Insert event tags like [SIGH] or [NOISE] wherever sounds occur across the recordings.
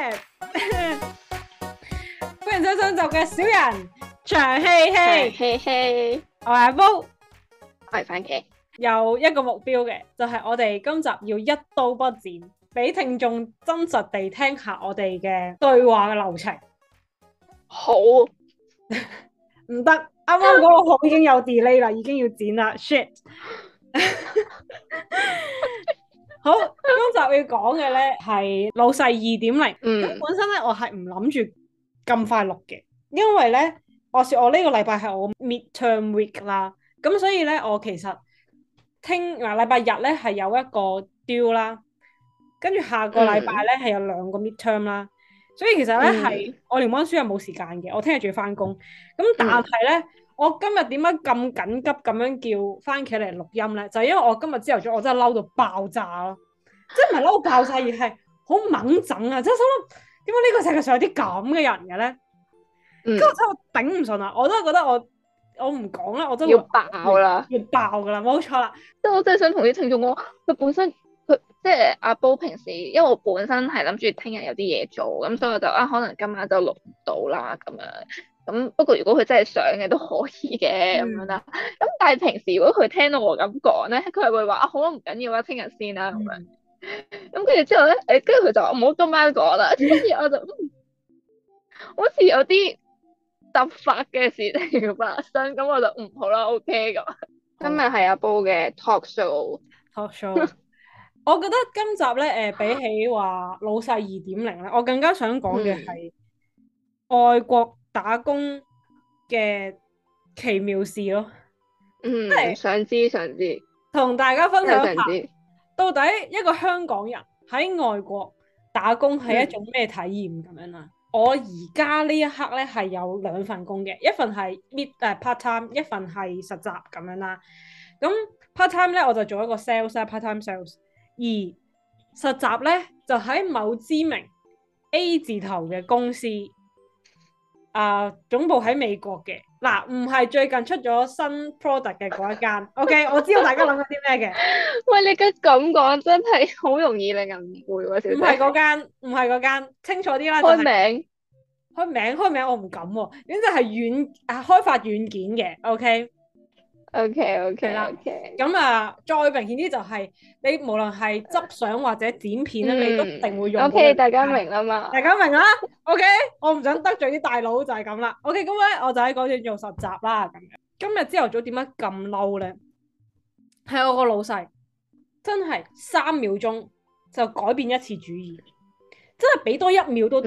[LAUGHS] 歡迎收上集嘅老細長氣氣氣氣，我係阿 Bo，我係番茄，有一個目標嘅，就係、是、我哋今集要一刀不剪，俾聽眾真實地聽下我哋嘅對話嘅流程。好，唔得， [LAUGHS] 啱啱嗰個好已經有 delay 啦，已經要剪啦。Shit！ [LAUGHS] [LAUGHS] 好，今集要講嘅咧係老細二點零。咁本身咧我係唔諗住咁快錄嘅，因為咧，我說我呢個禮拜係我 midterm week 啦，咁所以咧我其實聽啊禮拜日咧係有一個 deal 啦，跟住下個禮拜咧係有兩個 midterm 啦，嗯，所以其實咧係我連溫書又冇時間嘅，我聽日仲要翻工，咁但係咧。嗯我今日點解咁緊急咁樣叫番茄嚟錄音咧？就係、是、因為我今日朝頭早我真係嬲到爆炸咯， [LAUGHS] 即係唔係嬲爆曬而係好猛整啊！即係心諗點解呢個世界上有啲咁嘅人嘅咧？咁、嗯、我真係頂唔順啊！我都係覺得我我唔講啦，我真會要爆啦，要爆噶啦，冇錯啦！即係我真係想同啲聽眾講，佢本身佢即係阿煲平時，因為我本身係諗住聽日有啲嘢做，咁所以我就啊可能今晚就錄唔到啦咁樣。咁不過如果佢真係想嘅，都可以嘅咁、嗯、樣啦。咁但係平時如果佢聽到我咁講咧，佢係會話啊好唔緊要啊，聽日先啦、啊。嗯，咁樣。咁跟住之後咧，誒跟住佢就唔好今晚講啦。跟住我就， [LAUGHS] 好似有啲突發嘅事情發生，咁我就唔好啦，O K 咁。OK、 [LAUGHS] 今日係阿 Bo 嘅 talk show，talk show。我覺得今集咧誒、呃、比起話老細二點零咧，我更加想講嘅係外國。打工嘅奇妙事咯、哦，嗯是想，想知想知，同大家分享下，到底一個香港人喺外國打工係一種咩體驗咁樣啦？嗯、我而家呢一刻咧係有兩份工嘅，一份係 meet 誒、呃、part time，一份係實習咁樣啦。咁 part time 咧我就做一個 sales part time sales，而實習咧就喺某知名 A 字頭嘅公司。Uh, 啊，總部喺美國嘅，嗱，唔係最近出咗新 product 嘅嗰一間。 [LAUGHS] OK，我知道大家諗緊啲咩嘅。 [LAUGHS] 喂，你而家咁講真係好容易令人誤會、啊。唔係嗰間，唔係嗰間，清楚啲啦、就是。開名，開名，開名，我唔敢、啊。總之係軟啊，開發軟件嘅。OK。O K O K 啦，咁啊、okay, okay, okay.，再明顯啲就係、是、你無論係執相或者剪片咧，嗯、你都一定會用 O K，大家明啦嘛？大家明啦？O K，我唔想得罪啲大佬就係咁啦。O K，咁咧我就喺嗰度做實習啦。咁樣今日朝頭早點解咁嬲咧？係我個老細，真係三秒鐘就改變一次主意。真係俾多一秒都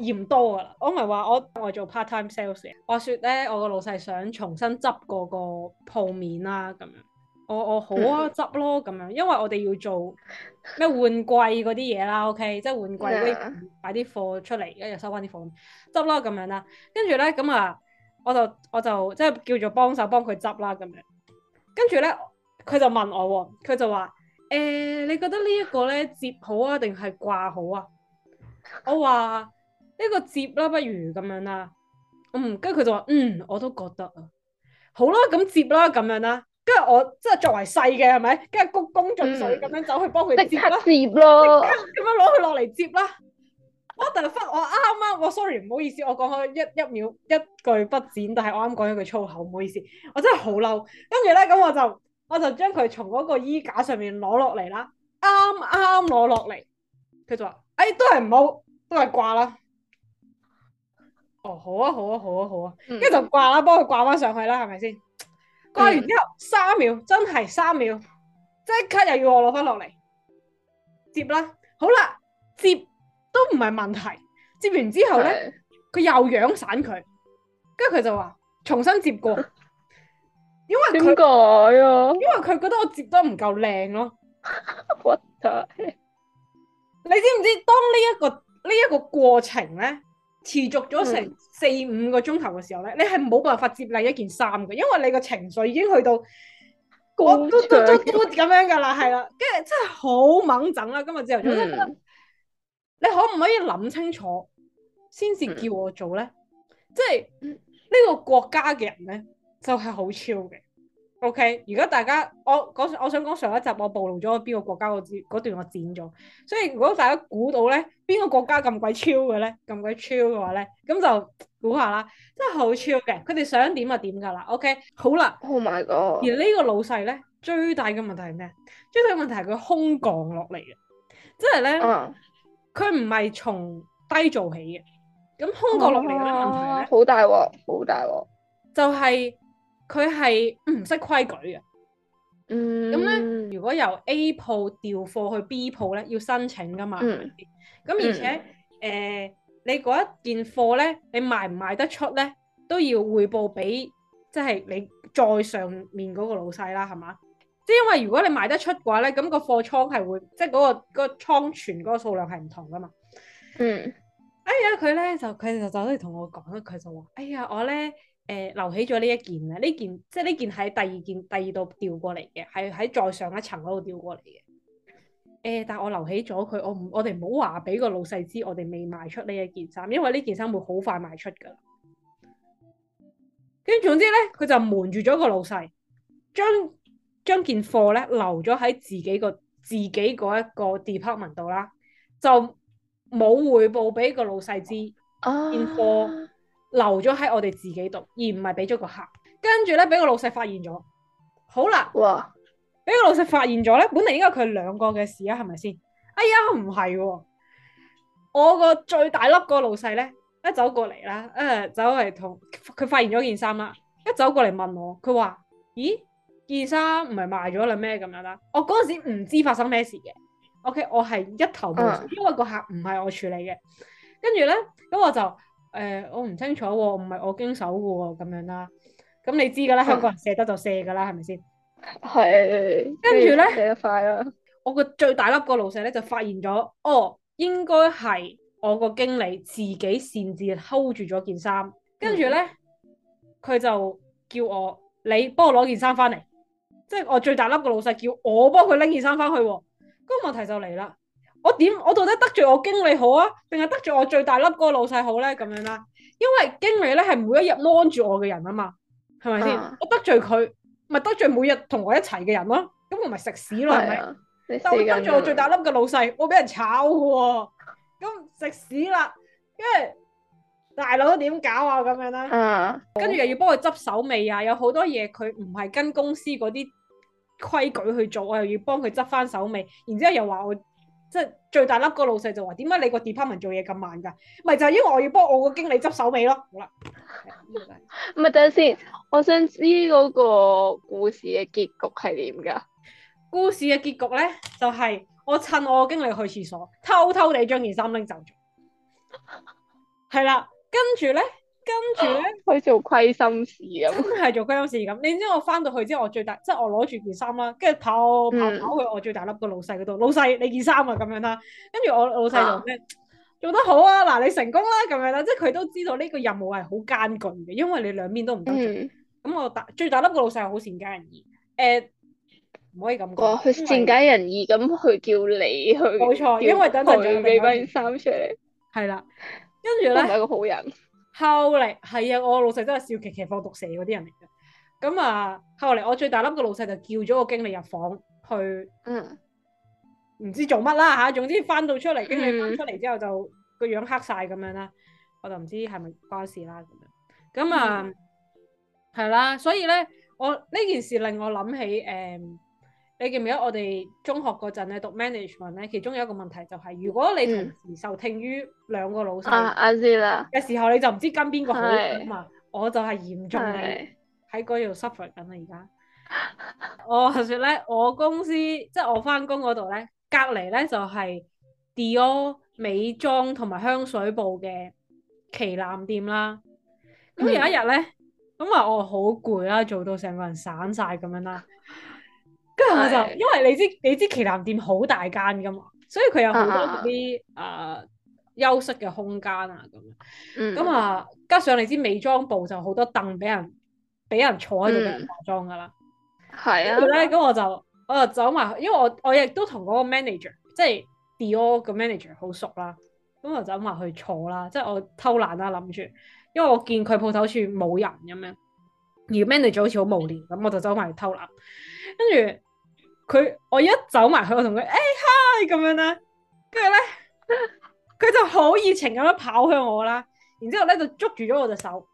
嫌多㗎啦！嗯、我唔係話我我做 part time sales，嘅，話説咧，我個老細想重新執過個鋪面啦，咁樣我我好啊執咯，咁、嗯、樣因為我哋要做咩換季嗰啲嘢啦，OK，即係換季啲，擺啲、嗯、貨出嚟，而家又收翻啲貨執咯，咁樣啦。跟住咧咁啊，我就我就即係叫做幫手幫佢執啦，咁樣跟住咧佢就問我喎、啊，佢就話誒、欸，你覺得呢一個咧接好啊，定係掛好啊？我話呢、這個接啦，不如咁樣啦，嗯，跟住佢就話嗯，我都覺得啊，好啦，咁接啦，咁樣啦，跟住我即係作為細嘅，係咪？跟住鞠躬盡瘁，咁樣走去幫佢接啦，嗯、接，接咯，咁樣攞佢落嚟接啦、哦。我突然翻我啱啱我 sorry 唔好意思，我講開一一秒一句不剪，但係我啱講咗句粗口，唔好意思，我真係好嬲。跟住咧咁我就我就將佢從嗰個衣架上面攞落嚟啦，啱啱攞落嚟，佢就話。哎，都係唔好，都係掛啦。哦，好啊，好啊，好啊，好啊，跟住、嗯、就掛啦，幫佢掛翻上去啦，係咪先？掛、嗯、完之後三秒，真係三秒，即刻又要我攞翻落嚟接啦。好啦，接都唔係問題。接完之後咧，佢是又樣散佢，跟住佢就話重新接過。因為點解啊？因為佢覺得我接得唔夠靚咯。what the？ [LAUGHS] 你知唔知？當呢、這、一個呢一、這個過程咧持續咗成四五個鐘頭嘅時候咧，嗯、你係冇辦法接另一件衫嘅，因為你個情緒已經去到我都都都都咁樣噶啦，係啦，跟住真係好猛整啦、啊！嗯、今日朝頭早，你可唔可以諗清楚先至叫我做咧？嗯、即係呢、這個國家嘅人咧，就係好 chill 嘅。O K，如果大家我我想講上一集我暴露咗邊個國家我知嗰段我剪咗，所以如果大家估到咧邊個國家咁鬼超嘅咧，咁鬼超嘅話咧，咁就估下啦，真係好超嘅，佢哋想點就點噶啦。O K，好啦，Oh my god，而呢個老細咧最大嘅問題係咩？最大嘅問題係佢空降落嚟嘅，即係咧，佢唔係從低做起嘅，咁空降落嚟有咩問題咧？好大鑊，好大鑊，就係。佢係唔識規矩嘅，嗯，咁咧，如果由 A 鋪調貨去 B 鋪咧，要申請噶嘛？咁、嗯、而且，誒、嗯呃，你嗰一件貨咧，你賣唔賣得出咧，都要匯報俾即係你再上面嗰個老細啦，係嘛？即係因為如果你賣得出嘅話咧，咁個貨倉係會即係、嗰、嗰個嗰、嗰個、倉存嗰個數量係唔同噶嘛？嗯，哎呀，佢咧就佢就走嚟同我講啦，佢就話：哎呀，我咧。誒、呃，留起咗呢一件咧，呢件即係呢件喺第二件第二度調過嚟嘅，係喺再上一層嗰度調過嚟嘅。誒、呃，但係我留起咗佢，我唔我哋唔好話俾個老細知，我哋未賣出呢一件衫，因為呢件衫會好快賣出噶。跟住總之咧，佢就瞞住咗個老細，將將件貨咧留咗喺自己個自己嗰一個 department 度啦，就冇匯報俾個老細知、啊、件貨。留咗喺我哋自己度，而唔係俾咗個客。跟住咧，俾個老細發現咗。好啦，哇！俾個老細發現咗咧，本嚟應該佢係兩個嘅事啊，係咪先？哎呀，唔係喎！我個最大粒個老細咧，一走過嚟啦，啊、呃，走嚟同佢發現咗件衫啦，一走過嚟問我，佢話：咦，件衫唔係賣咗啦咩？咁樣啦，我嗰陣時唔知發生咩事嘅。Okay，我係一頭霧水，啊、因為個客唔係我處理嘅。跟住咧，咁我就。誒、呃，我唔清楚喎、哦，唔係我經手嘅喎、哦，咁樣啦，咁你知噶啦，香港人卸得就卸噶啦，係咪先？係，跟住咧，卸得快我個最大粒個老細咧就發現咗，哦，應該係我個經理自己擅自 hold 住咗件衫，跟住咧，佢、嗯、就叫我你幫我攞件衫翻嚟，即、就、係、是、我最大粒個老細叫我幫佢拎件衫翻去、哦，咁、個、問題就嚟啦。我點，我到底得罪我經理好啊，定係得罪我最大粒嗰個老細好咧？咁樣啦，因為經理咧係每一日安住我嘅人啊嘛，係咪先？啊、我得罪佢，咪得罪每日同我一齊嘅人咯，咁唔係食屎咯，係咪、啊？吧但係我得罪我最大粒嘅老細，我俾人炒嘅喎、啊，咁食屎啦！跟住大佬點搞啊？咁樣咧，跟住又要幫佢執手尾啊，有好多嘢佢唔係跟公司嗰啲規矩去做，我又要幫佢執翻手尾，然之後又話我。即係最大粒個老細就話，點解你個 department 做嘢咁慢噶？咪就係因為我要幫我個經理執手尾咯。好啦， [LAUGHS] 咪等陣先，我想知嗰個故事嘅結局係點噶？故事嘅結局咧，就係、是、我趁我個經理去厠所，偷偷地將件衫拎走咗。係啦， [LAUGHS] 跟住咧。跟住咧，佢 [LAUGHS] 做虧心事咁，係做虧心事咁。你知我翻到去之後，我最大即係我攞住件衫啦，跟住跑跑跑去我最大粒個老細嗰度。嗯、老細，你件衫啊咁樣啦。跟住我老細就咩？啊、做得好啊！嗱，你成功啦，啊、咁樣啦。即係佢都知道呢個任務係好艱巨嘅，因為你兩邊都唔得。咁、嗯、我大最大粒個老細好善解人意。誒、呃，唔可以咁講，哦、善解人意咁去為叫你去。冇錯，因為等陣仲未搵件衫出嚟。係啦，嗯，跟住咧，係個好人。後嚟係啊，我老細真係笑騎騎放毒蛇嗰啲人嚟嘅，咁啊後嚟我最大粒個老細就叫咗個經理入房去，唔、嗯、知做乜啦吓，總之翻到出嚟經理翻出嚟之後就個樣黑晒咁樣啦，我就唔知係咪關事啦咁樣，咁、嗯、啊係啦，所以咧我呢件事令我諗起誒。嗯你記唔記得我哋中學嗰陣咧讀 management 咧，其中有一個問題就係，如果你同時受聽於兩個老細嘅時候，你就唔知跟邊個好。唔是我就係嚴重地喺嗰度 suffer 緊啦而家。是 [LAUGHS] 我話説咧，我公司即係我返工嗰度咧，隔離咧就係 Dior 美妝同埋香水部嘅旗艦店啦。咁、嗯、有一日咧，咁啊我好攰啦，做到成個人散晒咁樣啦。跟住我就，因為你知你知旗艦店好大間噶嘛，所以佢有好多啲誒、uh huh. 呃、休息嘅空間啊咁樣。咁、mm hmm. 啊，加上你知美妝部就好多凳俾人俾人坐喺度俾人化妝噶啦。係啊、mm。咧、hmm.，咁我就我就走埋，去，因為我我亦都同嗰個 manager 即係 Dior 嘅 manager 好熟啦。咁我就走埋去坐啦，即係我偷懶啦，諗住，因為我見佢鋪頭處冇人咁樣，而 manager 好似好無聊，咁我就走埋去偷懶。跟住。佢我一走埋去，我同佢誒嗨咁樣啦、啊，跟住咧佢就好熱情咁樣跑向我啦，然之後咧就捉住咗我隻手，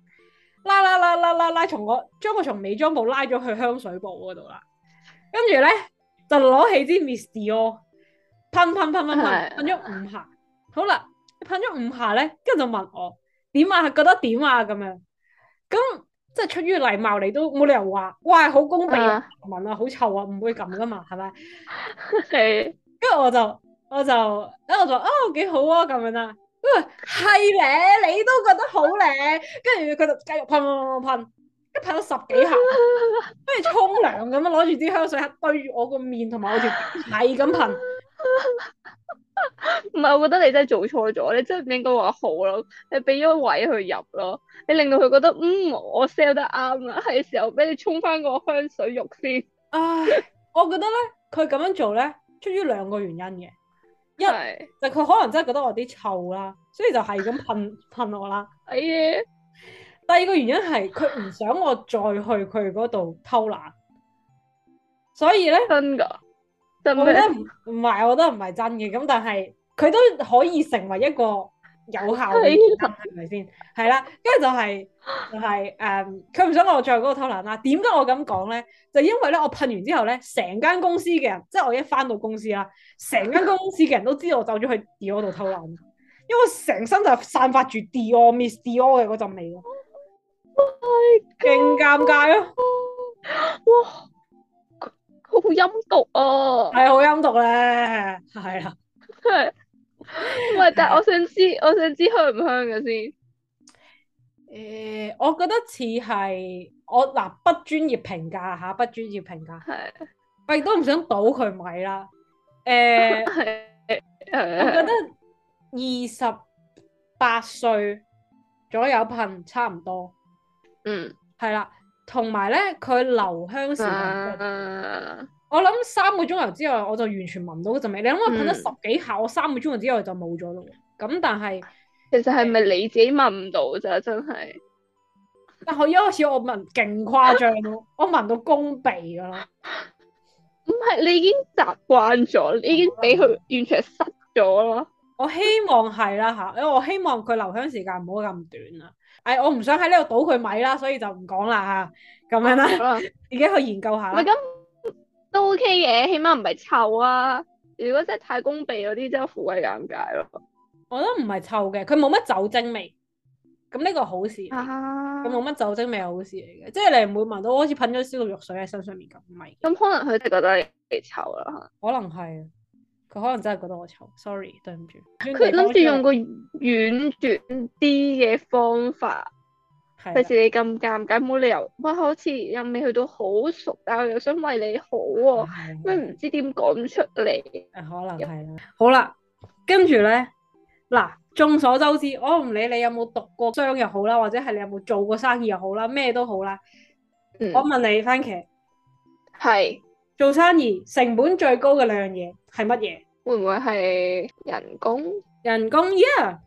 拉拉拉拉拉拉從，從我將我從美妝部拉咗去香水部嗰度啦，跟住咧就攞起支 Mistio 噴噴噴噴噴噴咗五下，好啦，噴咗五下咧，跟住就問我點啊，覺得點啊咁樣，咁。即係出於禮貌你都冇理由話，哇！好公平聞 [NOISE] 啊，臭 [NOISE] oh, 好臭啊，唔會咁噶嘛，係咪？跟住我就我就跟我就哦，幾好啊咁樣啦，因為係咧，你都覺得好咧。跟住佢就繼續噴噴噴噴，跟噴咗十幾下，跟住沖涼咁樣攞住啲香水對住我個面同埋我條脷咁噴。唔係， [LAUGHS] 我覺得你真係做錯咗，你真係唔應該話好咯。你俾咗位佢入咯，你令到佢覺得嗯，我 sell 得啱啦，係時候俾你沖翻個香水浴先。唉 [LAUGHS] [LAUGHS] uh, 我覺得咧，佢咁樣做咧，出於兩個原因嘅。一是就佢可能真係覺得我啲臭啦，所以就係咁噴噴我啦。哎， [LAUGHS] 第二個原因係佢唔想我再去佢嗰度偷懶， [LAUGHS] 所以咧真㗎。我都覺得唔係，我覺得唔係真嘅。咁但係佢都可以成為一個有效嘅，係咪先？係啦，就是就是嗯、跟住就係就係誒，佢唔想我再嗰度偷懶啦。點解我咁講咧？就因為咧，我噴完之後咧，成間公司嘅人，即係我一翻到公司啦，成間公司嘅人都知道我走咗去 Dior 度偷懶，因為我成身就散發住 Dior Miss Dior 嘅嗰陣味咯，係勁尷尬咯、啊，哇！Oh 好陰毒啊！係好陰毒咧，係啊。係。唔係，但我想知， [LAUGHS] 我想知香唔香嘅先？誒、呃，我覺得似係我嗱、呃，不專業評價吓，不專業評價係。的我亦都唔想倒佢米啦。誒，我覺得二十八歲左右噴差唔多，嗯，係啦。同埋咧，佢留香時間，啊、我諗三個鐘頭之後，我就完全聞唔到嗰陣味。你諗我噴咗十幾下，嗯、我三個鐘頭之後就冇咗咯。咁但係，其實係咪你自己聞唔到咋？真係。但係我一開始我聞勁誇張咯， [LAUGHS] 我聞到弓鼻噶啦。唔係，你已經習慣咗，你已經俾佢完全失咗啦。我希望係啦吓，因為我希望佢留香時間唔好咁短啦。哎,我唔想喺呢度倒佢米啦，所以就唔講啦吓，咁、啊、樣啦，好好自己去研究下。咪咁都 OK 嘅，起碼唔係臭啊。如果真係太攻鼻嗰啲，真係好鬼尷尬咯。我都唔係臭嘅，佢冇乜酒精味。咁呢個好事，咁冇乜酒精味係好事嚟嘅，即係你唔會聞到好似噴咗消毒藥水喺身上面咁。唔係。咁可能佢哋覺得你幾臭啦，啊、可能。可能係。佢可能真係覺得我醜，sorry 對唔住。佢諗住用個軟短啲嘅方法，費事你咁尷尬，冇理由我好似又未去到好熟，但我又想為你好喎，咩唔的知點講出嚟？可能係啦。有好啦，跟住咧嗱，眾所周知，我唔理你有冇讀過商又好啦，或者係你有冇做過生意又好啦，咩都好啦。我問你，嗯，番茄係。做生意成本最高嘅兩樣嘢係乜嘢？會唔會係人工？人工，yeah。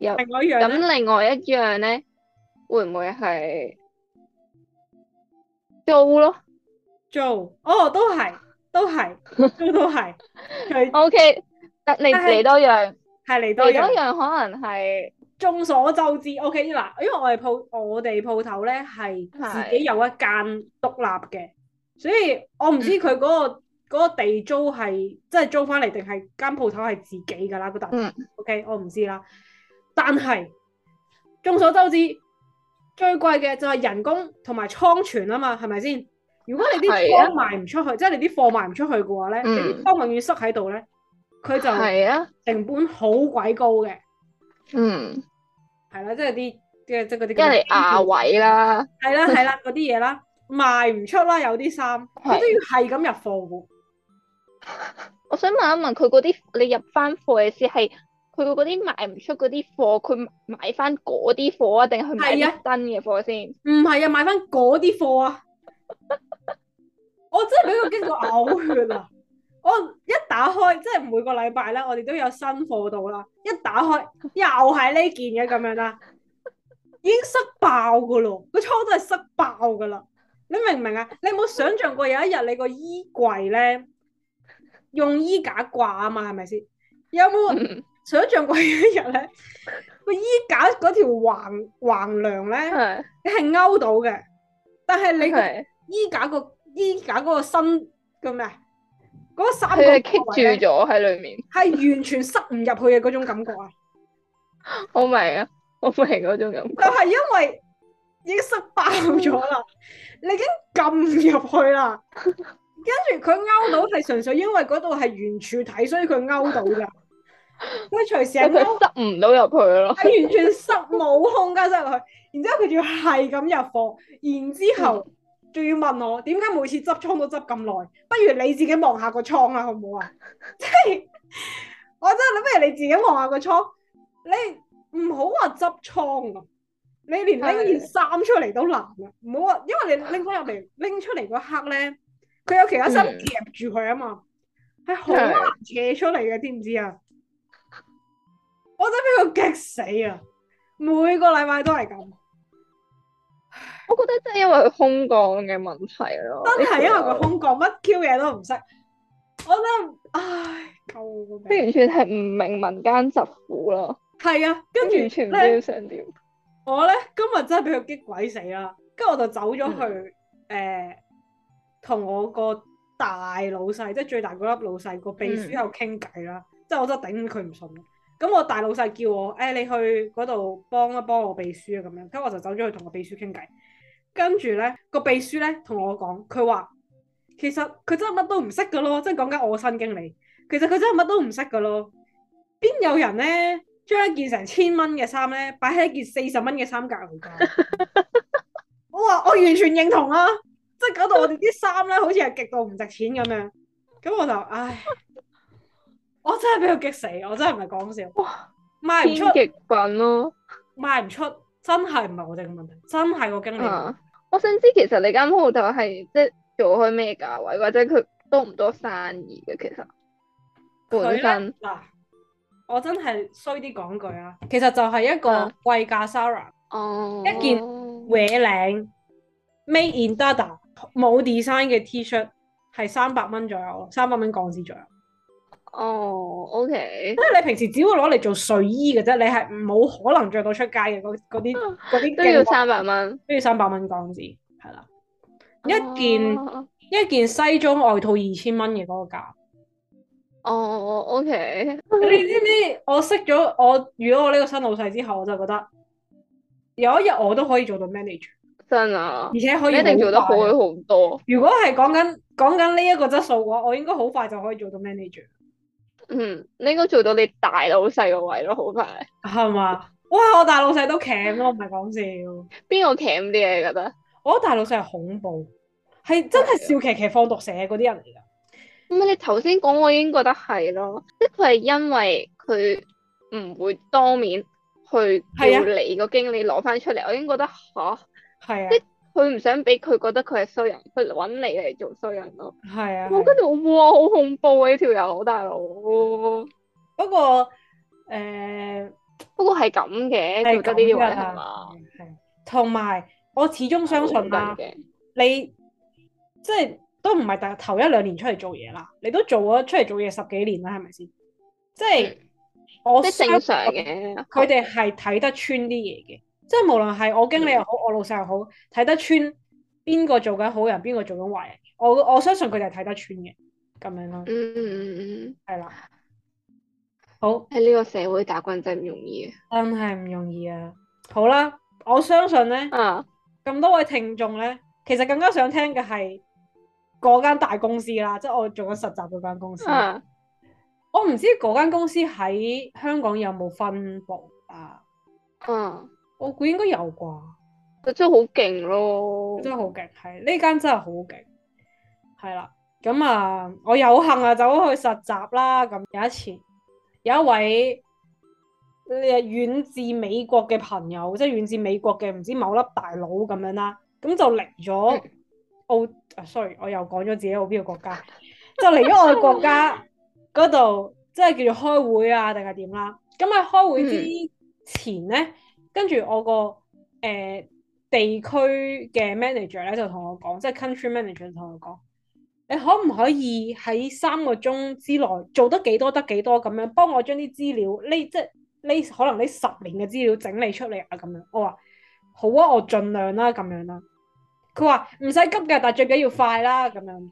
又另外一樣，咁另外一樣咧，會唔會係租咯？租哦，都係，都係，都都係。O K，但係嚟多樣，係嚟多樣。可能係眾所周知。O K，嗱，因為我哋鋪，我哋鋪頭咧係自己有一間獨立嘅。所以我唔知佢嗰、嗰個嗰個地租係即係租翻嚟定係間鋪頭係自己㗎啦，嗰笪。嗯。O、okay? K，我唔知啦。但係眾所周知，最貴嘅就係人工同埋倉存啊嘛，係咪先？如果你啲貨賣唔出去，即係、啊、你啲貨賣唔出去嘅話咧，啲貨、嗯、永遠塞喺度咧，佢就係啊成本好鬼高嘅。嗯。係啦，即係啲嘅即係嗰啲。即係你亞位啦。係啦、啊，係啦、啊，嗰啲嘢啦。 [LAUGHS] [LAUGHS] 賣唔出啦，有啲衫，佢 Okay. 都要係咁入貨嘅。我想問一問佢嗰啲，你入翻貨嘅時係佢嗰啲賣唔出嗰啲貨，佢買翻嗰啲貨啊，定係去買新嘅貨先？唔係啊，買翻嗰啲貨啊！我真係俾佢驚到嘔血啊！我一打開，即係每個禮拜咧，我哋都有新貨到啦。一打開又係呢件嘢咁樣啦，已經塞爆噶咯，個倉都係塞爆噶啦。你明唔明啊？你有冇想象過有一日你個衣櫃咧，用衣架掛啊嘛？係咪先？有冇想象過有一日咧個衣架嗰條橫橫梁咧，是你係勾到嘅？但係你衣架個是衣架嗰個身叫咩？嗰三個棘住咗喺裏面，係 [LAUGHS] 完全塞唔入去嘅嗰種感覺啊！我明啊，我明嗰種感覺，就係因為。已經塞爆咗啦！ [LAUGHS] 你已經撳入去啦，跟住佢勾到係純粹因為嗰度係圓柱體，所以佢勾到噶。佢隨時係勾，塞唔到入去咯。完全塞冇空間，塞入去。然之後佢仲要係咁入貨，然之後仲要問我點解每次執倉都執咁耐？不如你自己望下個倉啊，好唔好啊？即 [LAUGHS] 係 [LAUGHS] 我真諗，不如你自己望下個倉。你唔好話執倉啊！你連拎件衫出嚟都難啊！唔好話，因為你拎翻入嚟，拎出嚟嗰刻咧，佢有其他衫夾住佢啊嘛，係好、嗯、難扯出嚟嘅，知唔知啊？的我真俾佢激死啊！每個禮拜都係咁。我覺得真係因為佢空降嘅問題咯，真係因為佢空降，乜 Q 嘢都唔識。我覺得唉，夠、啊！即完全係唔明民間疾苦咯。係啊，跟住完全唔知想點。我咧，今日真係俾佢激鬼死啦，跟住我就走咗去，誒、嗯、同、呃、我個大老細，即係最大嗰粒老細個秘書喺度傾偈啦。嗯、即係我真係頂佢唔順，咁、嗯、我大老細叫我誒、哎，你去嗰度幫一幫我秘書啊，咁樣，跟住我就走咗去同個秘書傾偈。跟住咧，個秘書咧同我講，佢話其實佢真係乜都唔識噶咯，即係講緊我新經理，其實佢真係乜都唔識噶咯，邊有人咧？將一件成千蚊嘅衫咧，擺喺一件四十蚊嘅衫格度， [LAUGHS] 我話我完全認同啦，即係搞到我哋啲衫咧，好似係極度唔值錢咁樣，咁我就唉，我真係俾佢激死，我真係唔係講笑，哇賣唔出極困咯，啊、賣唔出，真係唔係我哋嘅問題，真係個經理、啊，我想知其實你間鋪頭係即係做開咩價位，或者佢多唔多生意嘅，其實本身。我真係衰啲講句啊，其實就係一個貴價 Zara，、oh. 一件 wear 領 made in Dada 冇 design 嘅 T-shirt 係三百蚊左右，三百蚊港紙左右。哦、oh,，OK。即係你平時只會攞嚟做睡衣嘅啫，你係冇可能着到出街嘅，嗰啲啲都要三百蚊，都要三百蚊港紙，係啦。一件、oh. 一件西裝外套二千蚊嘅嗰個價。哦、oh,，OK。 [LAUGHS] 你知唔知我識咗我遇到我呢個新老細之後，我就覺得有一日我都可以做到 manager，真啊的！而且可以一定做得好好多。如果係講緊講緊呢一個質素嘅話，我應該好快就可以做到 manager。嗯，你應該做到你大老細個位咯，好快。係 [LAUGHS] 嘛？哇！我大老細都鉗咯，唔係講笑。邊 [LAUGHS] 個鉗啲嘢？你覺得我覺得大老細係恐怖，係真係笑騎騎放毒蛇嗰啲人嚟噶。唔，你頭先講，我已經覺得係咯，即係佢係因為佢唔會當面去叫你個經理攞翻出嚟，啊、我已經覺得嚇，啊啊、即係佢唔想俾佢覺得佢係衰人，佢揾你嚟做衰人咯。係啊，啊我跟住哇，好恐怖啊！呢條友好大佬，不過誒，呃、不過係咁嘅，覺得呢啲嘢係嘛，係同埋我始終相信嘅、啊。你即係。都唔係頭一兩年出嚟做嘢啦，你都做咗出嚟做嘢十幾年啦，係咪先？即係、嗯、我相正常嘅，佢哋係睇得穿啲嘢嘅，嗯、即係無論係我經理又好，嗯、我老細又好，睇得穿邊個做緊好人，邊個做緊壞人。我我相信佢哋係睇得穿嘅，咁樣咯、嗯。嗯嗯嗯嗯，係啦。好喺呢個社會打滾真係唔容易，真係唔容易啊！好啦，我相信咧，啊，咁多位聽眾咧，其實更加想聽嘅係。嗰間大公司啦，即係我做咗實習嗰間公司。啊、我唔知嗰間公司喺香港有冇分部啊？嗯、啊，我估應該有啩。佢真係好勁咯，真係好勁，係呢間真係好勁。係啦，咁啊，我有幸啊走去實習啦。咁有一次，有一位遠自美國嘅朋友，即係遠自美國嘅唔知某粒大佬咁樣啦，咁就嚟咗。嗯我啊、oh，sorry，我又講咗自己喺邊個國家， [LAUGHS] 就嚟咗我嘅國家嗰度， [LAUGHS] 即係叫做開會啊，定係點啦？咁喺開會之前咧，跟住我個誒、呃、地區嘅 manager 咧就同我講，即係 country manager 同我講，你可唔可以喺三個鐘之內做得幾多得幾多咁樣，幫我將啲資料呢即係呢可能呢十年嘅資料整理出嚟啊？咁樣我話好啊，我盡量啦，咁樣啦。佢話唔使急㗎，但最緊要快啦，咁樣。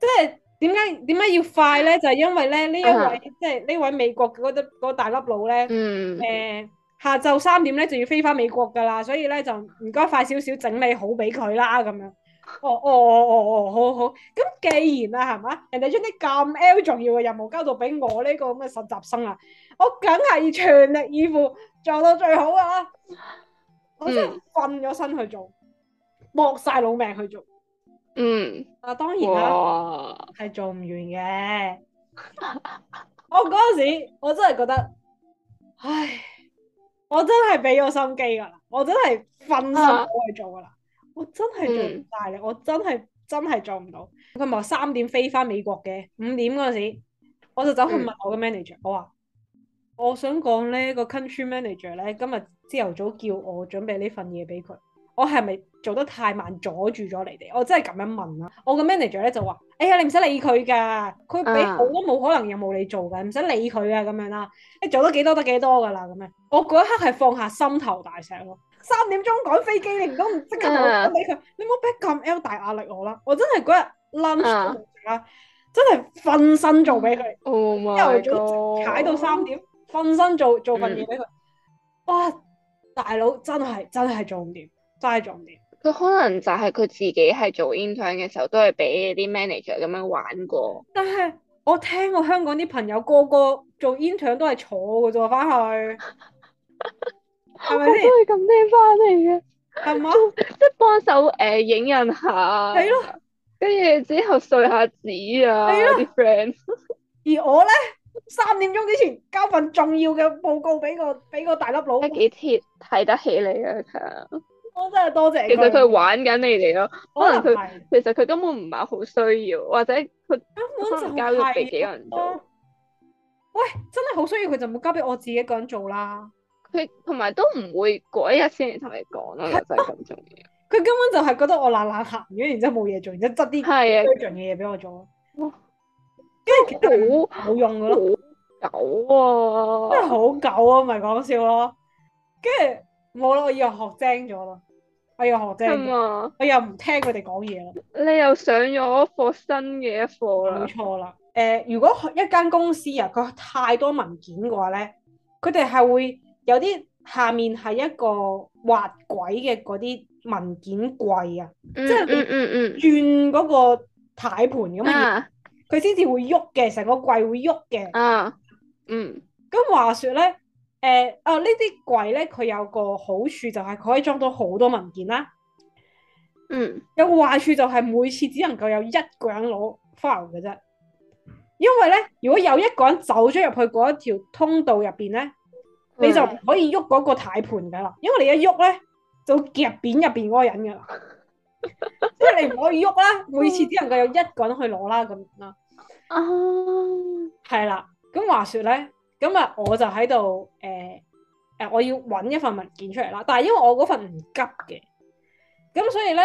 即係點解點解要快咧？就係、是、因為咧呢一位、啊、即係呢位美國嘅嗰啲大粒佬咧，誒、嗯呃、下晝三點咧就要飛翻美國噶啦，所以咧就唔該快少少整理好俾佢啦，咁樣。哦哦哦哦哦，好好。咁既然啊係嘛，人哋將啲咁 L 重要嘅任務交到俾我呢個咁嘅實習生啦，我梗係要全力以赴做到最好啊！我真係瞓咗身去做。搏晒老命去做，嗯，啊，當然啦，係哇做唔完嘅。 [LAUGHS] 我嗰陣時，我真係覺得，唉，我真係俾咗心機噶啦，我真係瞓身去做噶啦、啊，我真係做唔曬嘅，我真係真係做唔到。佢唔係三點飛返美國嘅，五點嗰陣時，我就走去問我嘅 manager，我話、嗯啊：我想講咧，個 country manager 咧，今日朝頭早叫我準備呢份嘢俾佢。我係咪做得太慢阻住咗你哋？我真係咁樣問啦、啊。我個 manager 咧就話：哎呀，你唔使理佢噶，佢俾我都冇可能有冇你做噶，唔使、uh, 理佢啊，咁樣啦。你、哎、做得幾多得幾多噶啦？咁樣，我嗰一刻係放下心頭大石咯。三點鐘趕飛機，你唔都唔即刻做俾佢？Uh, 你冇俾咁 L 大壓力我啦。我真係嗰日 lunch 啊，uh, 真係分身做俾佢。由、uh, oh、早踩到三點，分身做做份嘢俾佢。Uh, 嗯、哇！大佬真係真係做唔掂。齋狀嘅，佢可能就係佢自己係做 intern 嘅時候，都係俾啲 manager 咁樣玩過。但係我聽我香港啲朋友個個做 intern 都係坐嘅啫，翻去係咪都係咁聽翻嚟嘅？係嘛嗎，即係幫手誒，影、呃、印下係咯，跟住的之後碎下紙啊，啲 friend 的。我而我咧三點鐘之前交份重要嘅報告俾個俾個大粒佬，幾貼睇得起你啊，我真係多謝你其你。其實佢玩緊你哋咯，可能佢其實佢根本唔係好需要，或者佢根本就交咗俾幾個人做。喂，真係好需要佢就冇交俾我自己一個人做啦。佢同埋都唔會嗰一日先嚟同你講咯，啊、就係咁重要。佢根本就係覺得我懶懶閒嘅，然之後冇嘢做，然之後執啲 agent 嘅嘢俾我做，跟住哇其實好冇用噶咯，好狗啊，真係好狗啊，唔係講笑咯、啊，跟住。冇啦！我又學精咗啦，我又學精，嗯啊、我又唔聽佢哋講嘢啦。你又上咗一課新嘅一課啦。冇錯啦。誒、呃，如果一間公司啊，佢太多文件嘅話咧，佢哋係會有啲下面係一個滑軌嘅嗰啲文件櫃啊，即係你嗯嗯轉嗰個軚盤咁啊，佢先至會喐嘅，成個櫃會喐嘅啊嗯。咁話說咧。誒、呃，哦，呢啲櫃咧，佢有個好處就係佢可以裝到好多文件啦。嗯，有個壞處就係每次只能夠有一個人攞 file 嘅啫。因為咧，如果有一個人走咗入去嗰一條通道入邊咧，嗯、你就唔可以喐嗰個台盤噶啦。因為你一喐咧，就夾扁入邊嗰個人噶啦。即係 [LAUGHS] 你唔可以喐啦，每次只能夠有一個人去攞啦，咁啦。哦、嗯，係啦，咁話說咧。咁啊，我就喺度，誒誒，我要揾一份文件出嚟啦。但係因為我嗰份唔急嘅，咁所以咧，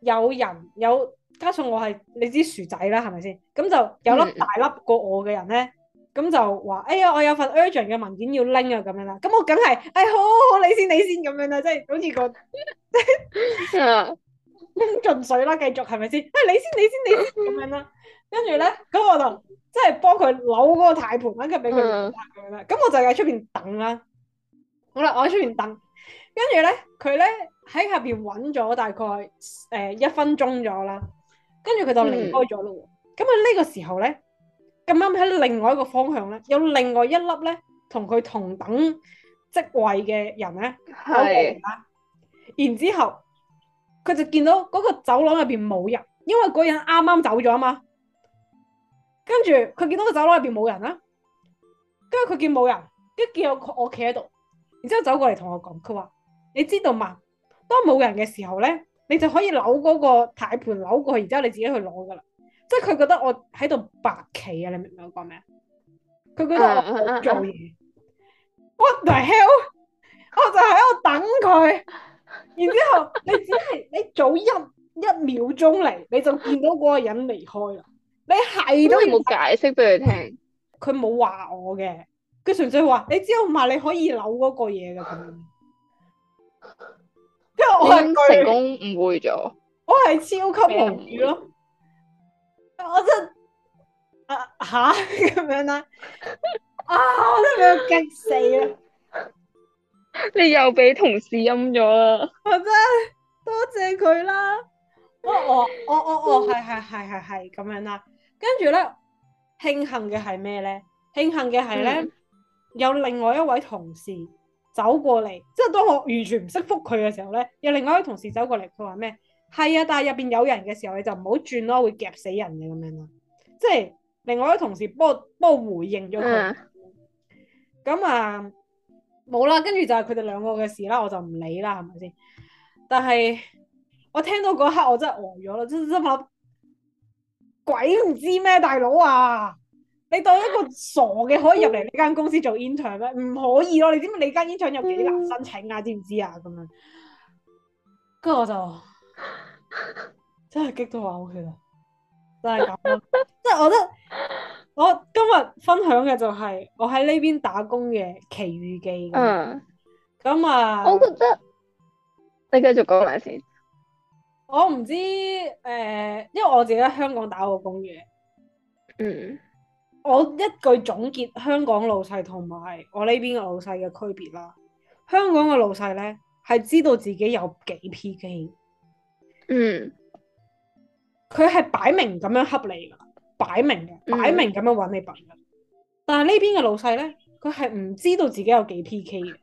有人有加上我係你知薯仔啦，係咪先？咁就有粒大粒過我嘅人咧，咁就話：哎呀，我有份 urgent 嘅文件要拎啊，咁樣啦。咁我梗係，哎，好好，你先，你先咁樣啦，即係好似個，啊。沖盡水啦，繼續係咪先？哎，你先，你先，你先，咁樣啦。跟住咧，咁我就即係幫佢扭嗰個軚盤，跟住俾佢咁樣啦。咁我就喺出邊等啦。好啦，我喺出邊等。跟住咧，佢咧喺下邊搵咗大概誒一分鐘左右啦。跟住佢就離開咗啦。咁喺呢個時候咧，咁啱喺另外一個方向咧，有另外一粒咧同佢同等職位嘅人咧，係。然之後。佢就見到嗰個走廊入邊冇人，因為嗰人啱啱走咗啊嘛。跟住佢見到個走廊入邊冇人啦，跟住佢見冇人，一見我我企喺度，然之後走過嚟同我講，佢話：你知道嘛？當冇人嘅時候咧，你就可以扭嗰個大盤扭過去，然之後你自己去攞噶啦。即係佢覺得我喺度白企啊！你明唔明我講咩？佢覺得我冇做嘢。Uh, uh, uh, uh. What the hell？我就喺度等佢。然之後你只係你早一一秒鐘嚟，你就見到嗰個人離開啦。 [LAUGHS] 你係都冇解釋俾佢聽，佢冇話我嘅，佢純粹話你之唔咪你可以扭嗰個嘢嘅咁。因為我係成功誤會咗，我係超級無語咯，我真啊吓咁樣啦，啊我都俾佢激死啊！你又俾同事陰咗啦！我真係多謝佢啦！我我我我我係係係係係咁樣啦。跟住咧，慶幸嘅係咩咧？慶幸嘅係咧，有另外一位同事走過嚟，啊，即係當我完全唔識復佢嘅時候咧，有另外一位同事走過嚟，佢話咩？係、嗯、啊，但係入邊有人嘅時候，你就唔好轉咯，會夾死人嘅咁樣啦。即係另外一位同事幫幫我回應咗佢。咁啊。冇啦，跟住就係佢哋兩個嘅事啦，我就唔理啦，係咪先？但係我聽到嗰刻，我真係呆咗啦，真心話鬼唔知咩大佬啊！你對一個傻嘅可以入嚟呢間公司做 intern 咩？唔可以咯！你知唔知你間 intern 有幾難申請啊？知唔知啊？咁樣，跟住我就真係激到嘔血啊！真係咁咯，即係我覺得。我今日分享嘅就係我喺呢邊打工嘅奇遇記。嗯，咁啊，我覺得你繼續講埋先。我唔知誒、呃，因為我自己喺香港打過工嘅。嗯，mm. 我一句總結香港老細同埋我呢邊嘅老細嘅區別啦。香港嘅老細咧，係知道自己有幾 PK。嗯、mm.，佢係擺明咁樣恰你噶擺明嘅，擺、嗯、明咁樣搵你笨嘅。但係呢邊嘅老細咧，佢係唔知道自己有幾 P K 嘅。誒、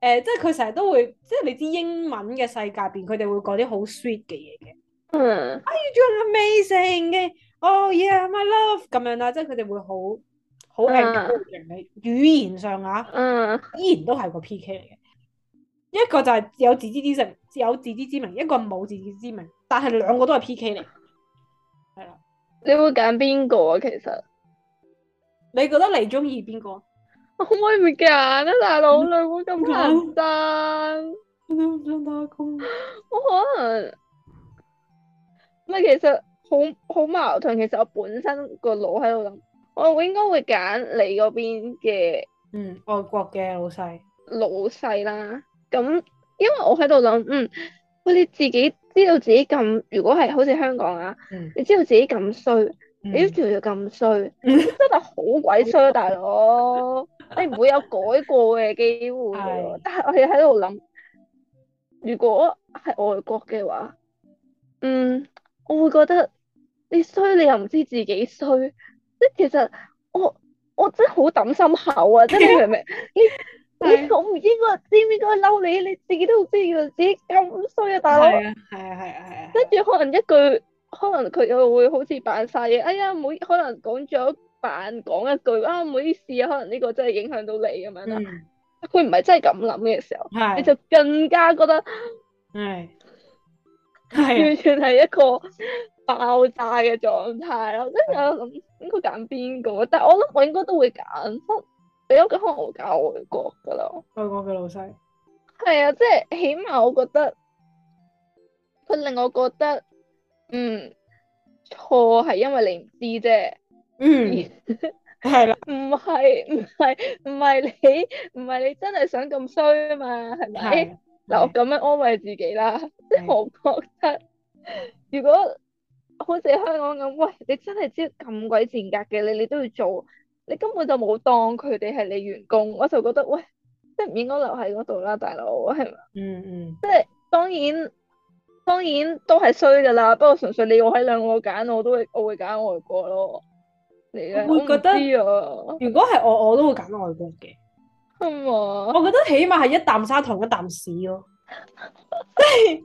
呃，即係佢成日都會，即係你知英文嘅世界邊，佢哋會講啲好 sweet 嘅嘢嘅。嗯。啊，you are amazing 嘅，oh yeah，my love，咁樣啦，即係佢哋會好好 encouraging 你。語言上啊，嗯，依然都係個 P K 嚟嘅。一個就係有自知之明，有自知之明；一個冇自知之明，但係兩個都係 P K 嚟。係啦。你會揀邊個啊？其實你覺得你中意邊個？我可唔可以唔揀啊，大佬，你唔好咁難單，我都唔想打工。我可能咪其實好好矛盾。其實我本身個腦喺度諗，我應該會揀你嗰邊嘅，嗯，外國嘅老細，老細啦。咁因為我喺度諗，嗯，喂，你自己。知道自己咁，如果係好似香港啊，嗯、你知道自己咁衰，你都仲要咁衰，真係好鬼衰啊！大佬，你唔會有改過嘅機會。的但係我哋喺度諗，如果係外國嘅話，嗯，我會覺得你衰，你又唔知自己衰，即係其實我我真係好揼心口啊！即係你明唔明？你你唔應該，知唔應該嬲你，你自己都知嘅，自己咁衰啊，大佬。係啊，係啊，係啊，跟住、啊、可能一句，可能佢又會好似扮晒嘢，哎呀唔好可能講咗扮講一句啊，唔好意思啊，可能呢個真係影響到你咁樣啦。佢唔係真係咁諗嘅時候，啊、你就更加覺得，係、啊，係、啊、完全係一個爆炸嘅狀態啦。跟住我諗、啊、應該揀邊個？但係我諗我應該都會揀。俾屋企可能會教外國噶咯，外國嘅老細，係啊，即係起碼我覺得佢令我覺得，嗯，錯係因為你唔知啫，嗯，係啦而，唔係唔係唔係你唔係你真係想咁衰啊嘛，係咪？嗱我咁樣安慰自己啦，即係的 [LAUGHS] 我覺得如果好似香港咁，喂，你真係知咁鬼賤格嘅你，你都要做。你根本就冇當佢哋係你員工，我就覺得喂，即係唔應該留喺嗰度啦，大佬係咪？嗯嗯。即係當然，當然都係衰噶啦。不過純粹你我喺兩個揀，我都會我會揀外國咯。你咧？我會覺得，啊、如果係我，我都會揀外國嘅。嗯嗎我覺得起碼係一啖砂糖一啖屎咯。哦，即係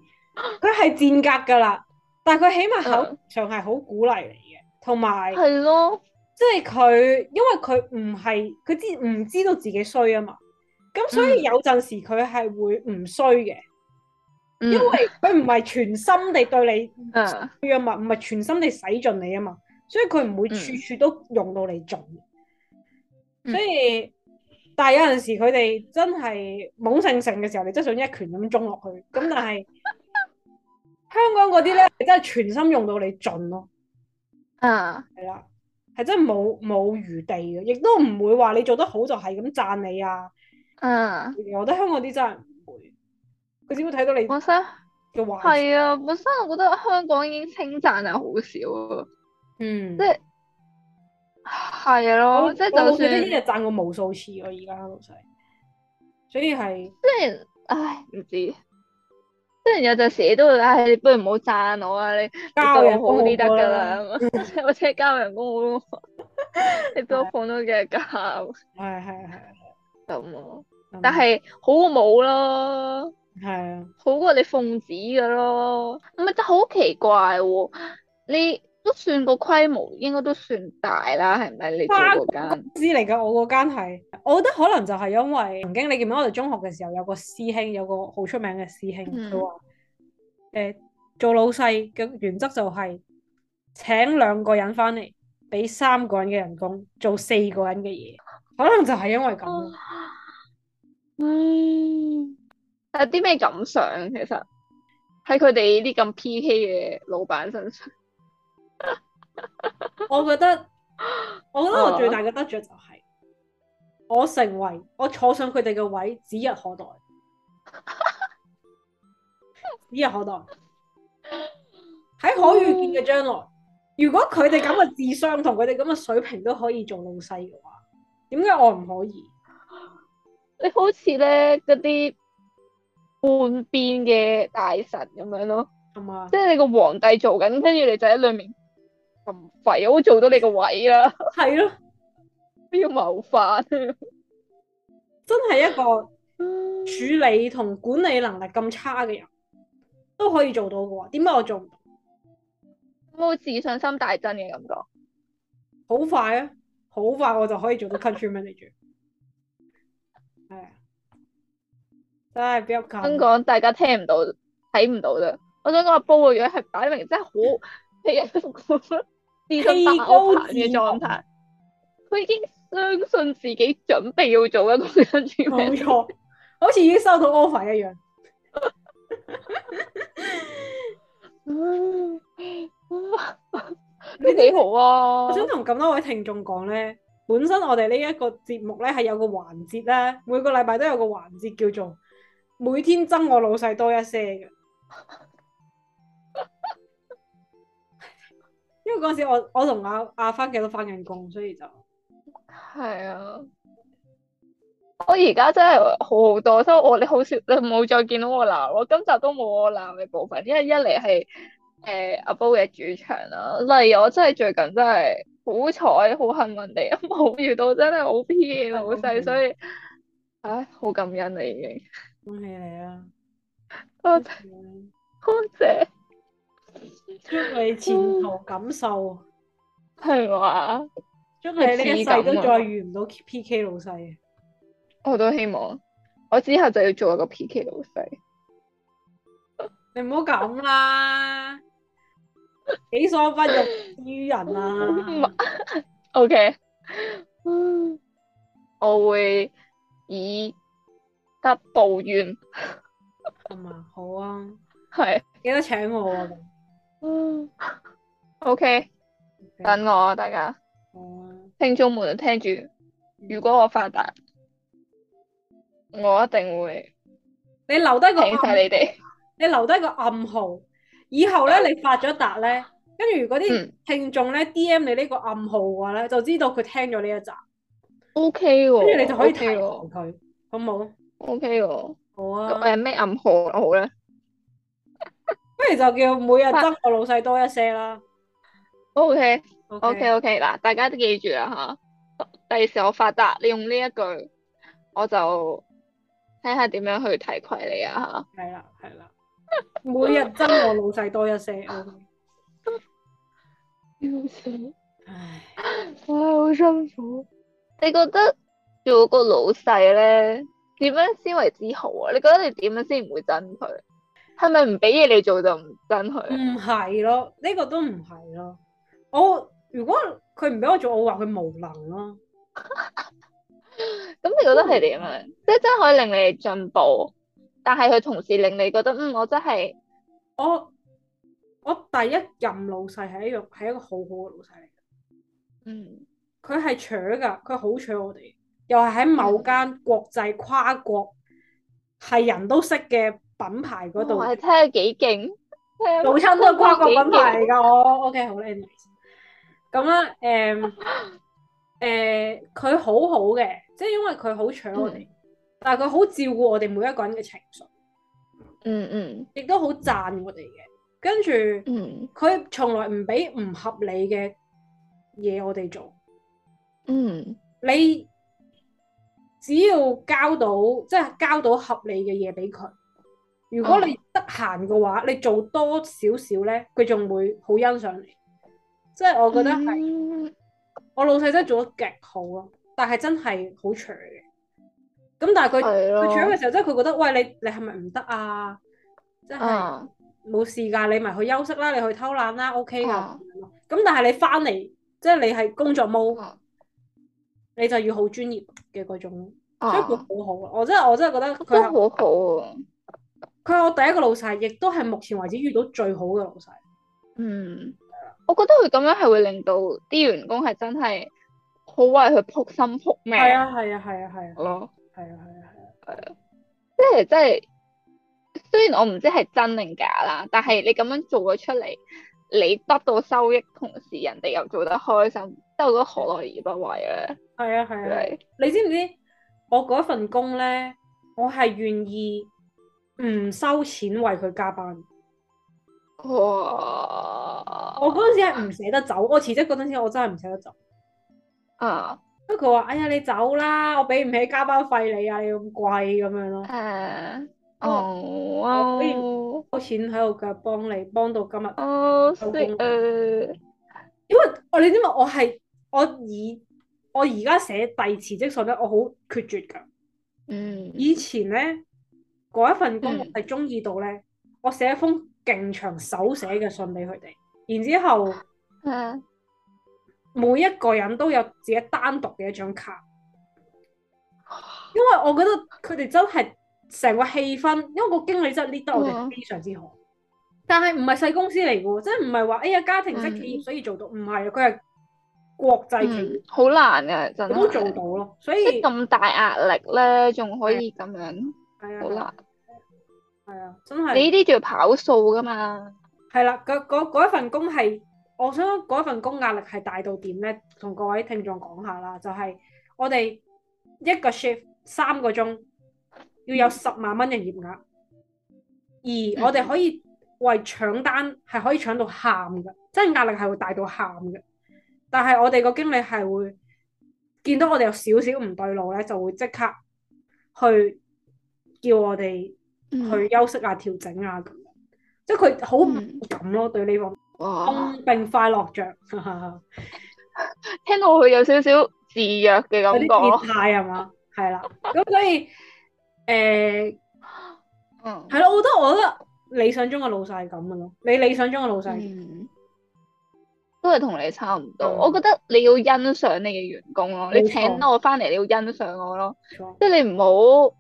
佢係賤格噶啦，但係佢起碼口場係好鼓勵你嘅，同埋係咯。即係佢，因為佢唔係佢知唔知道自己衰啊嘛，咁所以有陣時佢係會唔衰嘅。嗯、因為佢唔係全心地對你啊嘛，唔係、啊、全心地使盡你啊嘛，所以佢唔會處處都用到你盡，嗯、所以、嗯、但係有陣時佢哋真係懵性性嘅時候，你真想一拳咁中落去，咁但係 [LAUGHS] 香港嗰啲咧，你真係全心用到你盡咯，啊，係啦、啊。係真係冇冇餘地嘅，亦都唔會話你做得好就係咁讚你啊！嗯，我覺得香港啲真係唔會，佢只會睇到你本身嘅話。係啊、嗯，本身我覺得香港已經稱讚係好少，嗯，即係係咯，我即係就算呢啲讚過無數次，我而家老細，所以係即係唉，唔知。雖然有陣時都會，唉、哎，你不如唔好讚我啊！你教人工啲得噶、啊、 [LAUGHS] 啦，我即係教人工好咯，你幫我放多幾日假。係係係，咁咯，但係好過冇咯，係啊，好過你奉旨噶咯，咪就好奇怪喎、啊，你。都算個規模，應該都算大啦，係咪你做嗰間？知嚟噶。我嗰間係，我覺得可能就係因為曾經你見到，我哋中學嘅時候有個師兄，有個好出名嘅師兄，佢話誒，做老細嘅原則就係請兩個人翻嚟，俾三個人嘅人工做四個人嘅嘢，可能就係因為咁、哦。嗯，有啲咩感想？其實喺佢哋呢咁 PK 嘅老闆身上。我覺得我覺得我最大嘅得着就係、是 oh. 我成為我坐上佢哋嘅位，指日可待， [LAUGHS] 指日可待。喺可預見嘅將來，如果佢哋咁嘅智商同佢哋咁嘅水平都可以做老細嘅話，點解我唔可以？你好似咧嗰啲半變嘅大臣咁樣咯，係咪？ [LAUGHS] 即係你個皇帝做緊，跟住你就喺裏面。咁廢，我都、嗯、做到你個位啦。係咯的，要謀法、啊？ [LAUGHS] 真係一個處理同管理能力咁差嘅人，都可以做到嘅。點解我做唔到？我自信心大增嘅感覺， [LAUGHS] 好快啊！好快，我就可以做到 country manager。係啊、 [LAUGHS] 嗯，真係比較近。香港大家聽唔到，睇唔到啫。我想講阿 Bo 個樣係擺明真係好，你日都講。氣高嘅狀態，佢已經相信自己準備要做一個跟住，冇錯，好似已經收到 offer 一樣。你幾好啊！我想同咁多位聽眾講咧，本身我哋呢一個節目咧係有個環節咧，每個禮拜都有個環節叫做每天憎我老細多一些嘅。因為嗰時我我同阿阿花姐都翻緊工，所以就係啊！我而家真係好好多，真我好你好少你冇再見到我鬧我，今集都冇我鬧嘅部分，因為一嚟係誒阿 Bo 嘅主場啦，例如我真係最近真係好彩，好幸運地冇遇到真係好 PK 老細，哎、所以唉好感恩你，已經恭喜你啊！多謝你多謝。祝你前途感受係嘛，祝佢吧你一世、啊、都再遇唔到 P K 老細，我都希望我之後就要做一個 P K 老細，你唔好咁啦，己 [LAUGHS] 所不欲於人啊 [LAUGHS] ，O、okay. K，我會以德報怨，係 [LAUGHS] 嘛好啊，係記是得請我？o Okay. k Okay. 等我，啊，大家 Okay. 聽眾們聽住。如果我發達，我一定會你你一。你留低個暗，你留低個暗號，以後咧你發咗達咧，跟住如果啲聽眾咧 D M 你呢個暗號嘅話咧，就知道佢聽咗呢一集。O K 喎，跟住你就可以提防佢，okay 哦，好冇？O K 喎，okay 哦，好啊。誒，咩暗號好咧？ [LAUGHS] [LAUGHS] 就叫每日憎我老細多一些啦。O K O K O K 嗱，大家都記住啦吓。第時我發達，你用呢一句，我就睇下點樣去提携你啊。係啦，係啦，每日憎我老細多一些。要死 [LAUGHS] Okay. [LAUGHS] 唉，真係好辛苦。你覺得做個老細咧，點樣先為之好啊？你覺得你點樣先唔會憎佢？係咪唔俾嘢你做就唔等佢？唔係咯，呢、這個都唔係咯。我如果佢唔俾我做，我話佢無能咯。咁 [LAUGHS] 你覺得係點啊？嗯、即係真可以令你進步，但係佢同時令你覺得，嗯，我真係我我第一任老細係一樣係一個，一個好好嘅老細嚟嘅。嗯，佢係搶噶，佢好搶我哋，又係喺某間國際跨國，係、嗯、人都識嘅。品牌嗰度，我係、哦、聽佢幾勁，老親都係跨國品牌嚟噶、哦。我 O K 好靚，咁啦、 [LAUGHS] 嗯，誒、嗯、誒，佢好好嘅，即係因為佢好搶我哋，嗯、但係佢好照顧我哋每一個人嘅情緒，嗯嗯，亦都好讚我哋嘅，跟住，嗯，佢從來唔俾唔合理嘅嘢我哋做，嗯、嗯，你只要交到即係、就是、交到合理嘅嘢俾佢。如果你得閒嘅話，你做多少少咧，佢仲會好欣賞你。即係我覺得係、嗯、我老細真係做得極好咯，但係真係好長嘅。咁但係佢佢長嘅時候，即係佢覺得喂，你你係咪唔得啊？即係冇事噶，啊、你咪去休息啦，你去偷懶啦。O K，咁但係你翻嚟，即係你係工作模式，啊、你就要好專業嘅嗰種，即係佢好好。我真係我真係覺得佢好好。啊啊佢係我第一個老細，亦都係目前為止遇到最好嘅老細。嗯，我覺得佢咁樣係會令到啲員工係真係好為佢撲心撲命。係啊係啊係啊係咯，係啊係啊係啊係啊，啊，即係即係，雖然我唔知係真定假啦，但係你咁樣做咗出嚟，你得到收益，同時人哋又做得開心，得到何樂而不為啊。係啊係啊，啊啊啊你知唔知我嗰份工咧，我係願意。唔收錢為佢加班，哇！我嗰陣時係唔捨得走，我辭職嗰陣時我真係唔捨得走。啊！不過佢話：哎呀，你走啦，我俾唔起加班費你啊，你咁貴咁樣咯。誒、啊，哦，我俾錢喺度噶，幫你幫到今日。哦，呃、因為我你知唔知我係我以我而家寫第辭職信咧，我好決絕噶。嗯，以前咧。嗰一份工我係中意到咧，嗯、我寫一封勁長手寫嘅信俾佢哋，然之後，嗯，每一個人都有自己單獨嘅一張卡，因為我覺得佢哋真係成個氣氛，因為個經理真係 lead 得我哋非常之好，哦、但係唔係細公司嚟嘅喎，即係唔係話哎呀，家庭式企業、嗯、所以做到，唔係佢係國際企業，好、嗯、難啊就係，都做到咯，所以咁大壓力咧，仲可以咁樣。嗯好難，係啊，真係呢啲叫跑數噶嘛。係啦，嗰份工係，我想嗰份工壓力係大到點咧，同各位聽眾講下啦。就係、是、我哋一個 shift 三個鐘，要有十萬蚊嘅業額，嗯、而我哋可以為搶單係可以搶到喊噶，即係壓力係會大到喊噶。但係我哋個經理係會見到我哋有少少唔對路咧，就會即刻去。叫我哋去休息啊、調整啊，咁即係佢好唔敢咯，嗯、對呢個，痛並快樂着，哈哈聽到佢有少少自虐嘅感覺態，係嘛？係啦， [LAUGHS] 咁所以誒，欸、嗯，係咯，我覺得我覺得理想中嘅老細係咁嘅咯，你理想中嘅老細都係同你差唔多。嗯、我覺得你要欣賞你嘅員工咯，錯你請到我翻嚟，你要欣賞我咯，即係你唔好。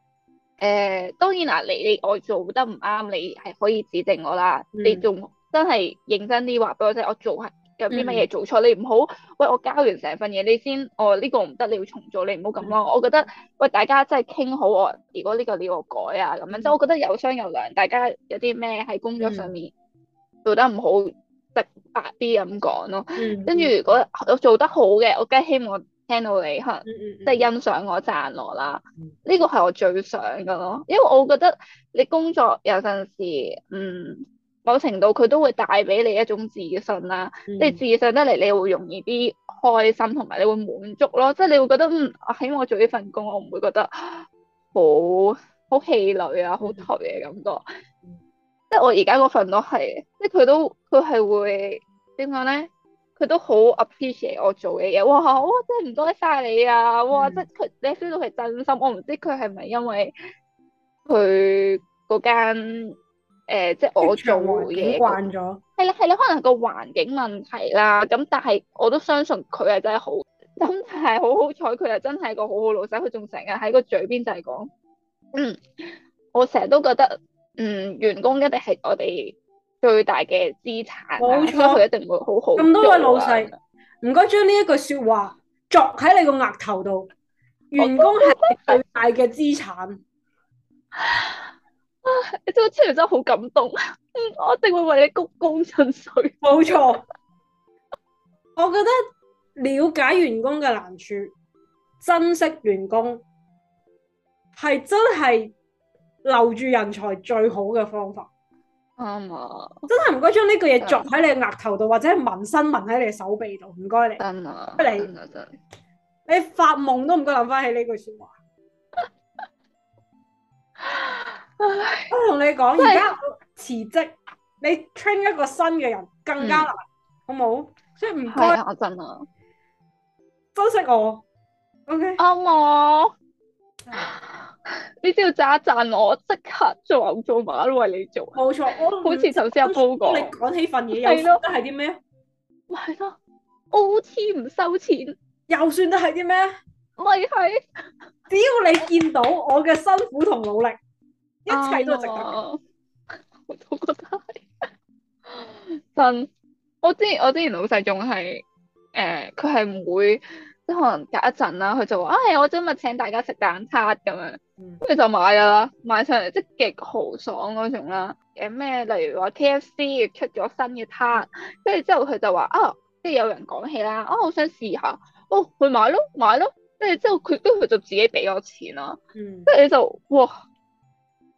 誒、呃、當然啦、啊，你你我做得唔啱，你係可以指定我啦。嗯、你仲真係認真啲話俾我聽，我做係有啲乜嘢做錯，嗯、你唔好喂我交完成份嘢，你先哦，呢、呢個唔得，你要重做，你唔好咁咯。嗯、我覺得喂大家真係傾好，我如果呢個你要我改啊咁樣，即係、嗯、我覺得有商有量，大家有啲咩喺工作上面、嗯、做得唔好，直、嗯、白啲咁講咯。跟住、嗯嗯、如果我做得好嘅，我梗係希望。聽到你可能即係欣賞我 [NOISE] 讚我啦，呢、這個係我最想嘅咯。因為我覺得你工作有陣時，嗯，某程度佢都會帶俾你一種自信啦、啊。即係 [NOISE] 自信得嚟，你會容易啲開心，同埋你會滿足咯。即係你會覺得，嗯，啊，起碼我做呢份工，我唔會覺得好好氣餒啊，好攰嘅感覺。 [NOISE] [NOISE] 即係我而家嗰份都係，即係佢都佢係會點講咧？佢都好 appreciate 我做嘅嘢，哇！我真係唔該晒你啊，哇！即係佢你 feel、嗯、到佢真心，我唔知佢係咪因為佢嗰間即係我做嘢慣咗，係啦係啦，可能個環境問題啦，咁但係我都相信佢係真係好，咁係好好彩，佢又真係個好好老細。佢仲成日喺個嘴邊就係講，嗯，我成日都覺得，嗯，員工一定係我哋最大嘅資產，啊，冇錯錯，佢一定會好好，啊。咁多位老細，唔該將呢一句說話鑿喺你個額頭度。員工係最大嘅資產。 [LAUGHS] 唉，你真係真係真係好感動。 [LAUGHS] 我一定會為你鞠躬盡瘁。冇 [LAUGHS] 錯，我覺得了解員工嘅難處，珍惜員工係真係留住人才最好嘅方法。啱啊了！真係唔該將呢句嘢鑿喺你額頭度，或者紋身紋喺你手臂度，唔該你。真啊！真啊！你發夢都唔該諗翻起呢句說話。 [LAUGHS] [LAUGHS] 我同你講，而家辭職，你 train 一個新嘅人更加難，嗯、好冇？ [LAUGHS] 所以唔該，我真啊，珍惜我。O. K. 啱我。你只要讚一讚我，即刻做牛做馬都為你做。冇錯，我好似頭先阿 Bo 講，你講起份嘢的又算得係啲咩？咪係咯，OT 唔收錢，又算得係啲咩？咪係，只要你見到我嘅辛苦同努力，一切都值得。Uh oh. 我都覺得係真。 [LAUGHS] 我之前我之前老細仲係誒，佢係唔會。即可能隔一陣啦，佢就話，哎，我今日請大家食蛋撻咁樣，跟住、嗯、就買啦，買上嚟即、係、極豪爽嗰種啦。誒咩？例如話 KFC 出咗新嘅撻，跟住之後佢就話，啊、哦，即有人講起啦，啊、哦，我想試下，哦，去買咯，買咯，跟住之後佢，跟佢就自己俾咗錢啦。跟住、嗯、你就哇！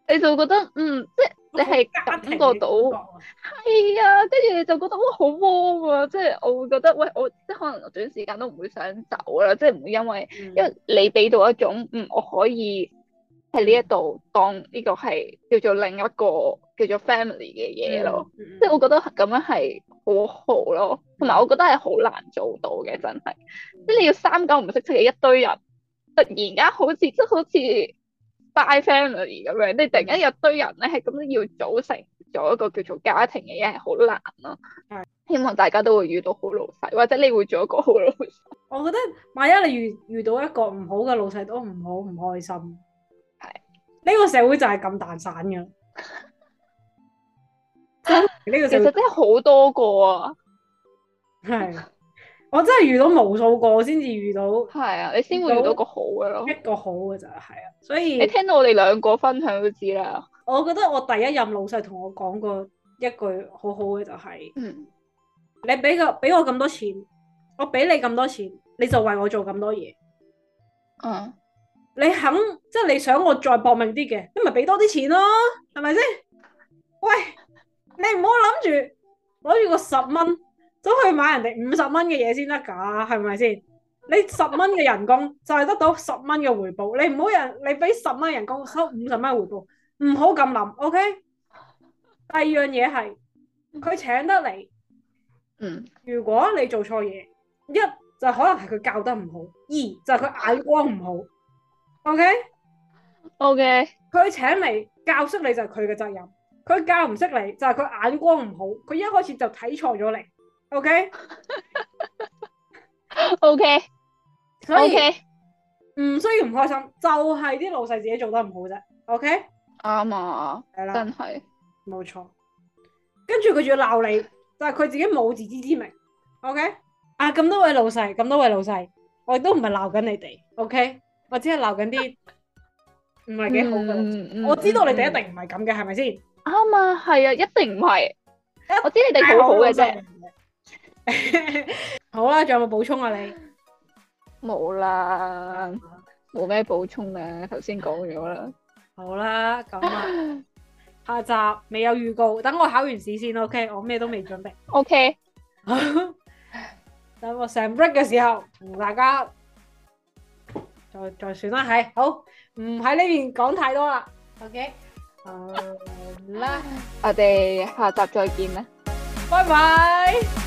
你就覺得嗯，即係你係感覺到係啊，跟住你就覺得哇好 warm 啊，即係我會覺得喂，我即係可能短時間都唔會想走啦，即係唔會因為、嗯、因為你俾到一種嗯我可以喺呢一度當呢個係叫做另一個叫做 family 嘅嘢咯，嗯嗯、即係我，我覺得咁樣係好好咯，同埋我覺得係好難做到嘅，真係、嗯嗯、即係你要三九唔識七嘅一堆人，突然間好似即係好似。By family 咁樣，你突然間有堆人咧，係咁樣要組成咗一個叫做家庭嘅嘢，係好難咯。係，希望大家都會遇到好老細，或者你會做一個好老細。我覺得萬一你遇遇到一個唔好嘅老細，都唔好唔開心。係，呢個社會就係咁蛋散嘅。真，呢個其實真係好多個啊。係。我真係遇到無數個先至遇到，係啊，你先會遇到個好嘅咯，一個好嘅就係、係、啊，所以你聽到我哋兩個分享都知啦。我覺得我第一任老細同我講過一句好好嘅就係、係，嗯、你俾個俾我咁多錢，我俾你咁多錢，你就為我做咁多嘢。嗯，你肯即係你想我再搏命啲嘅，你咪俾多啲錢咯，係咪先？喂，你唔好諗住攞住個十蚊。 [LAUGHS] 都去買人哋五十蚊嘅嘢先得㗎，係咪先？你十蚊嘅人工就係得到十蚊嘅回報。你唔好人，你俾十蚊人工收五十蚊回報，唔好咁諗。O K。第二樣嘢係佢請得你，嗯。如果你做錯嘢，一就可能係佢教得唔好，二就係佢眼光唔好。O K，O K。佢請你教識你就係佢嘅責任。佢教唔識你就係、是、佢眼光唔好。佢一開始就睇錯咗你。O K，O K，所以唔需要唔開心，就係啲老細自己做得唔好啫。O K，啱啊，係啦，真係冇錯。跟住佢仲要鬧你，但係佢自己冇自知之明。O K，啊咁多位老細，咁多位老細，我亦都唔係鬧緊你哋。O K，我只係鬧緊啲唔係幾好嘅。我知道你哋一定唔係咁嘅，係咪先？啱啊，係啊，一定唔係。我知你哋好好嘅啫。好啦，仲有冇補充啊？你冇啦，冇咩補充啦。頭先講咗啦。好啦，咁啊，下集未有預告，等我考完試先。OK，我咩都未準備。OK，等我成 break 嘅時候同大家再再算啦。係，好，唔喺呢邊講太多啦。OK，好啦，我哋下集再見啦，拜拜。